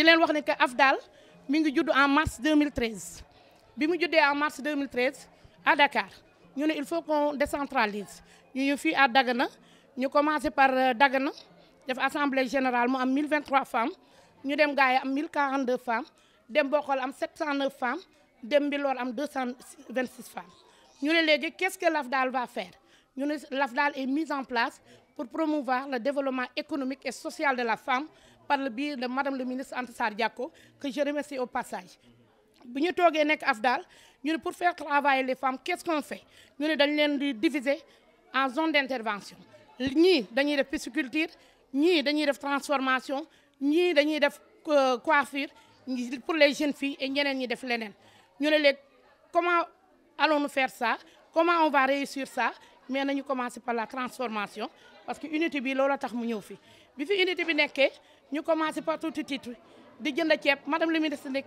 Il leen wax ne que Afdal mi ngi judd en mars 2013 bi mu en mars 2013 à Dakar il faut qu'on décentralise ñu ñu à Dagana ñu commencé par euh, Dagana def assemblée générale mu am 1023 femmes ñu dem Gaye am 1042 femmes dem Bokhol am 709 femmes dem Mbilor am 226 femmes ñu né léegi qu'est-ce que l'Afdal va faire ñu l'Afdal est mise en place pour promouvoir le développement économique et social de la femme par le biais de Madame le ministre Anta Diako, que je remercie au passage. Nous sommes AFDAL pour faire travailler les femmes qu'est-ce qu'on fait Nous ne dañu diviser en zones d'intervention ñii dañuy la pisciculture ni dañuy def transformation ni dañuy def euh, coiffure pour les jeunes filles et ni ñi def comment allons-nous faire ça comment on va réussir ça mais nous commencé par la transformation parce que l'unité, bi ce tax mu ñëw fi bi fi unité bi ñu par tout titre di jënd ceeb madame le ministre de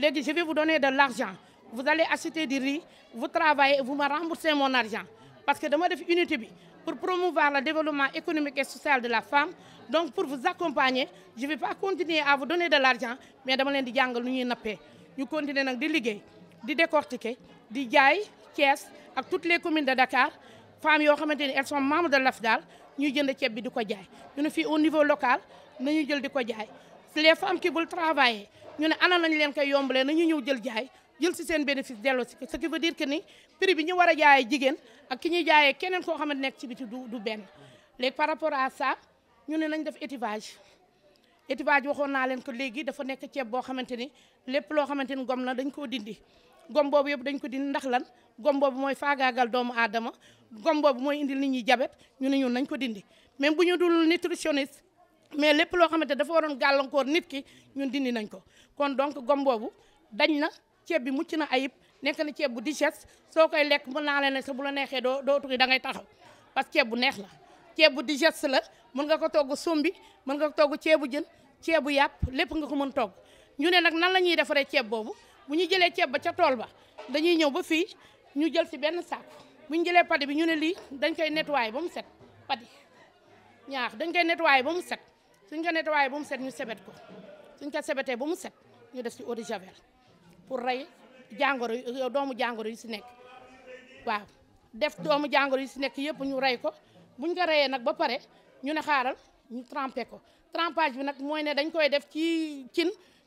la je vais vous donner de l'argent vous allez acheter du riz vous travaillez vous me remboursez mon argent parce que dama def unité pour promouvoir le développement économique et social de la femme donc pour vous accompagner je ne vais pas continuer à vous donner de l'argent mais dama vais di jàngal de ñuy Nous ñu continuer à di à di décortiquer di jaay kees ak toutes les communes de Dakar femmes yoo xamante ni elles sont membres de l'AFDAL ñuy jënd ceeb bi di ko jaay ñu ne fii au niveau local nañu jël di ko jaay les femmes qui veulent travailler ñu ne ana nañ leen koy yombalee nañu ñëw jël jaay jël si seen bénéfice delloo si ce qui diir dire que ni prix bi ñu war a jaayee jigéen ak ki ñuy jaayee keneen koo xamante nekk ci biti du du benn léegi par rapport à ça ñu ne nañ def étivage étivage waxoon naa leen ko léegi dafa nekk ceeb boo xamante ni lépp loo xamante ni gom na dañ koo dindi gom boobu yëpp dañ ko dindi ndax lan gom boobu mooy faagaagal doomu aadama gom boobu mooy indil nit ñi jabet ñu ne ñun nañ ko dindi mais bu ñu dul nutritionniste mais lépp loo xamante dafa waroon gàllankoor nit ki ñun dindi nañ ko kon donc gom boobu dañ na ceeb bi mucc na ayib nekk na ceeb bu digeste soo koy lekk mën naa leen ne bu la neexee doo doo tukki da ngay taxaw parce que ceeb bu neex la ceeb bu digeste la mën nga ko togg sumbi mën nga ko togg ceebu jën ceebu yàpp lépp nga ko mën togg ñu ne nag nan la ñuy defaree ceeb boobu bu ñu jëlee ceeb ba ca tool ba dañuy ñëw ba fii ñu jël si benn saako bu ñu jëlee pati bi ñu ne lii dañ koy nettoyé ba mu set pati ñaax dañ koy nettoyé ba mu set suñ ko nettoyé ba mu set ñu sebet ko suñ ko sebetee ba mu set ñu def si eau de pour rey jàngoro euh, doomu jàngoro yu si nekk waaw def doomu jàngoro yu si nekk yëpp ñu rey ko bu buñ ko reyee nag ba pare ñu ne xaaral ñu trempé ko trempage bi nag mooy ne dañ koy def ci cin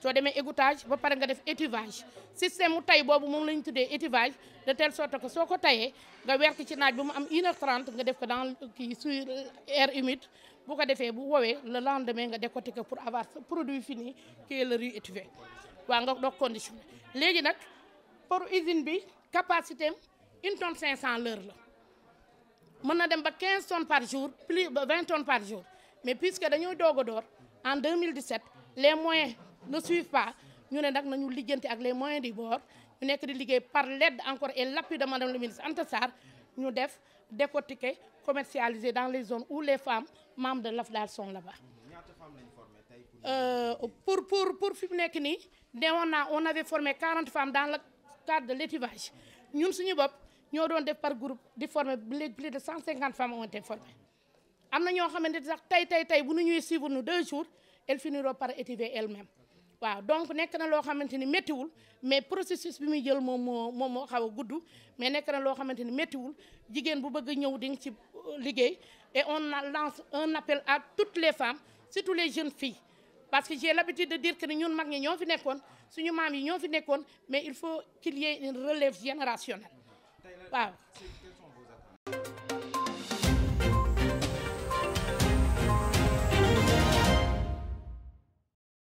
soo égouttage ba étuvage système tay étuvage de telle sorte que si vous humide vous avez le lendemain pour avoir ce produit fini qui est le riz étuvé pour capacité tonne l'heure tonnes par jour plus 20 tonnes par jour mais puisque nous sommes en 2017 les moyens ne suivent pas Nous avons nag avec les moyens du bord Nous avons di par l'aide encore et l'appui de madame le ministre Antassar, nous ñu def décortiquer commercialiser dans les zones où les femmes membres de l'AFDAL sont là-bas. Euh, pour pour pour fi on avait formé 40 femmes dans le cadre de l'étivage nous avons formé par groupe former plus de 150 femmes ont été formées am na ñoo xamante sax tey deux jours elles finiront par étiver elles-mêmes donc nous na mais processus mais na euh, et on lance un appel à toutes les femmes surtout les jeunes filles parce que j'ai l'habitude de dire que nous, mag ñi ñoo fi mais il faut qu'il y ait une relève générationnelle